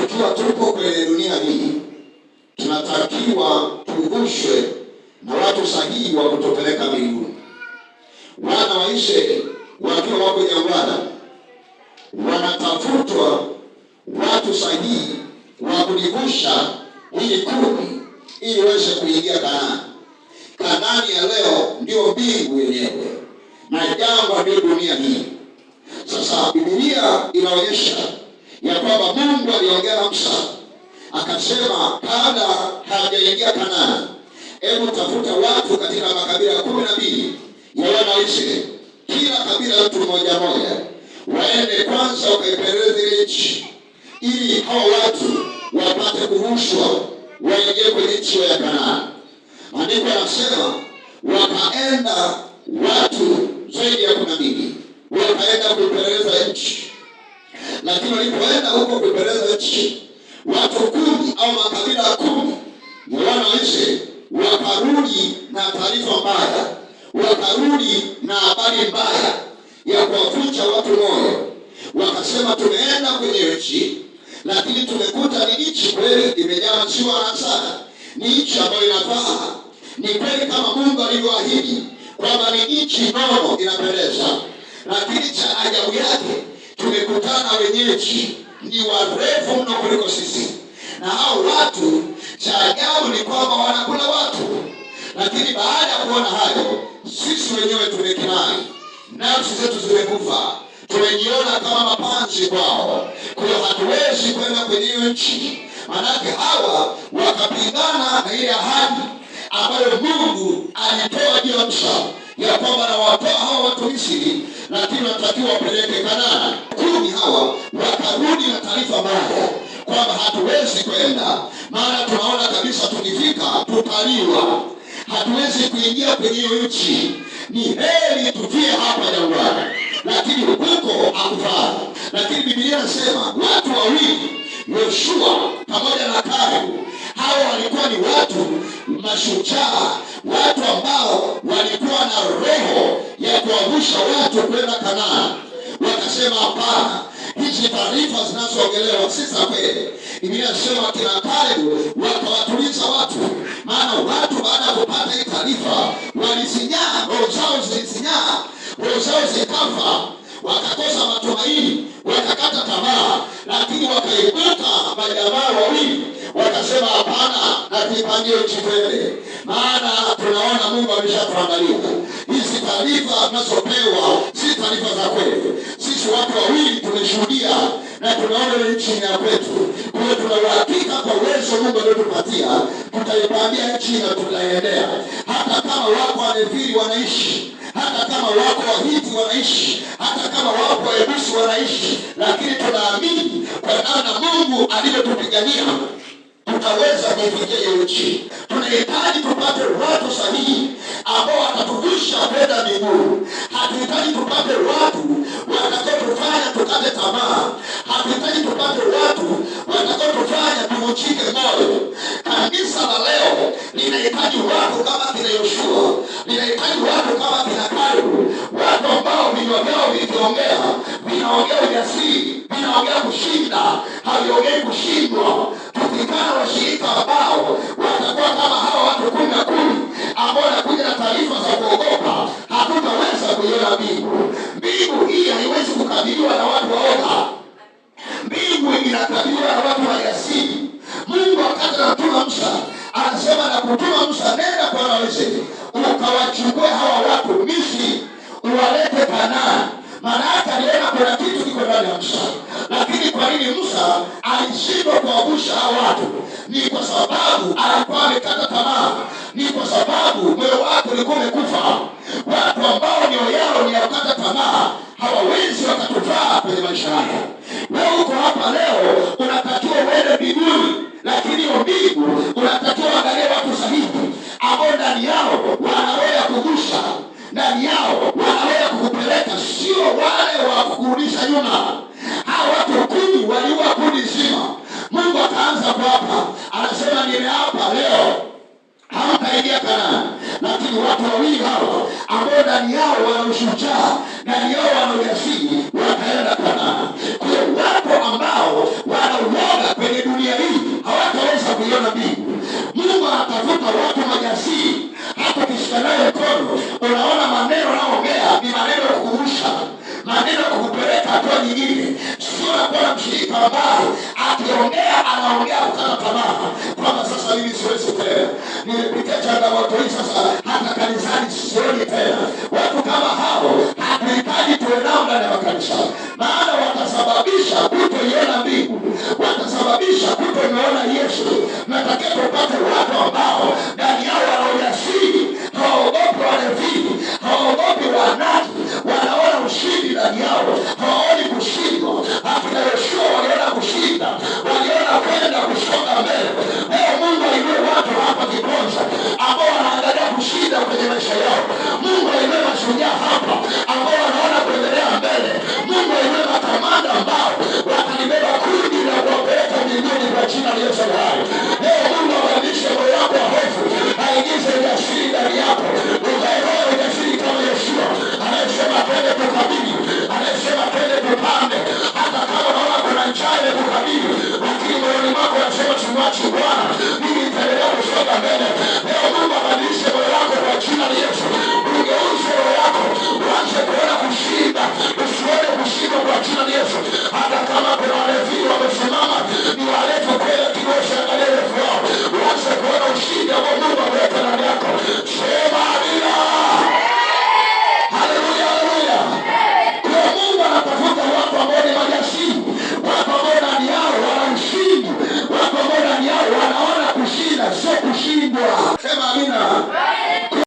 tukiwa tuko kwenye dunia hii, tunatakiwa tuvushwe na watu sahihi wa kutopeleka mbinguni. Wana wa Israeli wakiwa wako jangwani, wanatafutwa watu sahihi wa kulivusha ili kumi ili waweze kuingia Kanaani. Kanaani ya leo ndiyo mbingu yenyewe na jangwa ni dunia hii. Sasa Biblia inaonyesha ya kwamba Mungu aliongea na Musa akasema, kabla hajaingia Kanaani, hebu tafuta watu katika makabila kumi na mbili ya kila kabila mtu mmoja moja, waende kwanza wakaipeleleze nchi, ili hao watu wapate kuhushwa waingie kwenye nchi ya Kanaani. Maandiko anasema wakaenda watu zaidi ya kumi na mbili wakaenda kuipeleleza nchi lakini walipoenda huko kuipeleza nchi, watu kumi au makabila kumi ya wananchi wakarudi na taarifa mbaya, wakarudi na habari mbaya ya kuwafucha watu moyo. Wakasema tumeenda kwenye nchi, lakini tumekuta ni nchi kweli imejaa maziwa na asali, ni nchi ambayo inafaa, ni kweli kama Mungu alivyoahidi kwamba ni nchi nono inapendeza, lakini cha ajabu yake tumekutana wenyeji ni warefu mno kuliko sisi, na hao watu, cha ajabu ni kwamba wanakula watu, lakini baada ya kuona hayo, sisi wenyewe tumekinai, nafsi zetu zimekufa, tumejiona kama mapanzi kwao. Kwa hatuwezi kwenda kwenye hiyo nchi, manake hawa wakapingana na ile ahadi ambayo Mungu alitoa juu ya msa ya kwamba nawatoa hawa watu lakini watakiwa wapeleke Kanaani hawa wakarudi na taarifa mbaya kwamba hatuwezi kwenda, maana tunaona kabisa tukifika tutaliwa, hatuwezi kuingia kwenye hiyo nchi. Ni heri tufie hapa jangwani, lakini huko hakufaa. Lakini Biblia inasema watu wawili, Yoshua pamoja na Kalebu, hawa walikuwa ni watu mashujaa, watu ambao walikuwa na roho ya kuangusha watu kwenda Kanaani. Wakasema hapana, zile taarifa zinazoongelewa si za kweli. Biblia inasema kina Kalebu wakawatuliza watu, maana watu baada ya kupata hii taarifa walisinyaa, roho zao zilisinyaa, roho zao zikafa, wakakosa matumaini, wakakata tamaa, lakini wakaipata majamaa wawili wakasema hapana, na kipangie nchi twende, maana tunaona Mungu ameshatuandalia. Hizi taarifa tunazopewa hizi taarifa za kweli. Sisi watu wawili tumeshuhudia na tunaona ni nchi ya kwetu. Kwa tuna uhakika kwa uwezo Mungu aliotupatia, tutaipambia nchi na tutaiendea, hata kama wako Wamethiri wanaishi hata kama wako Wahiti wanaishi, hata kama wako Wayebusi wanaishi, lakini tunaamini kwa namna Mungu alivyotupigania tutaweza kuifikia hiyo nchi. Tunahitaji tupate watu sahihi ambao watatuvisha kwenda mbinguni, hatuhitaji tupate watu watakaotufanya tukate tamaa, hatuhitaji tupate watu watakaotufanya tuuchike moyo. Kanisa la leo linahitaji watu kama kina Yoshua, linahitaji watu kama kina Kalebu, watu ambao vinywa vyao vilivyoongea vinaongea ujasiri, vinaongea kushinda, haviongei kushindwa. Tukikana washirika ambao watakuwa kama hawa watu kumi na kumi ambao wanakuja na taarifa za kuogoa Lazima msamenda kwa Wamisri, ukawachukue hawa watu Misri, uwalete Kanaani. Maana hata aliona kuna kitu kiko ndani ya Musa. Lakini kwa nini Musa alishindwa kuwagusha hawa watu? Ni kwa sababu alikuwa amekata tamaa, ni kwa sababu moyo wake ulikuwa umekufa. Watu ambao mioyo yao ni ya kukata tamaa hawawezi wakatufaa kwenye maisha yako. Wewe uko hapa leo una ndani yao wana ushujaa, ndani yao wana ujasiri, wataenda kwa Kwa wapo ambao wanauoga kwenye dunia hii, hawataweza kuiona mbingu. Mungu anatafuta watu majasiri. Hata ukishika nayo mkono, unaona maneno naongea ni maneno ya kurusha, maneno ya kukupeleka hatua nyingine. Sio nakuona mshirika ambaye akiongea anaongea kukata tamaa kwamba sasa mimi siwezi tena, nimepitia changamoto hii sasa property Christ.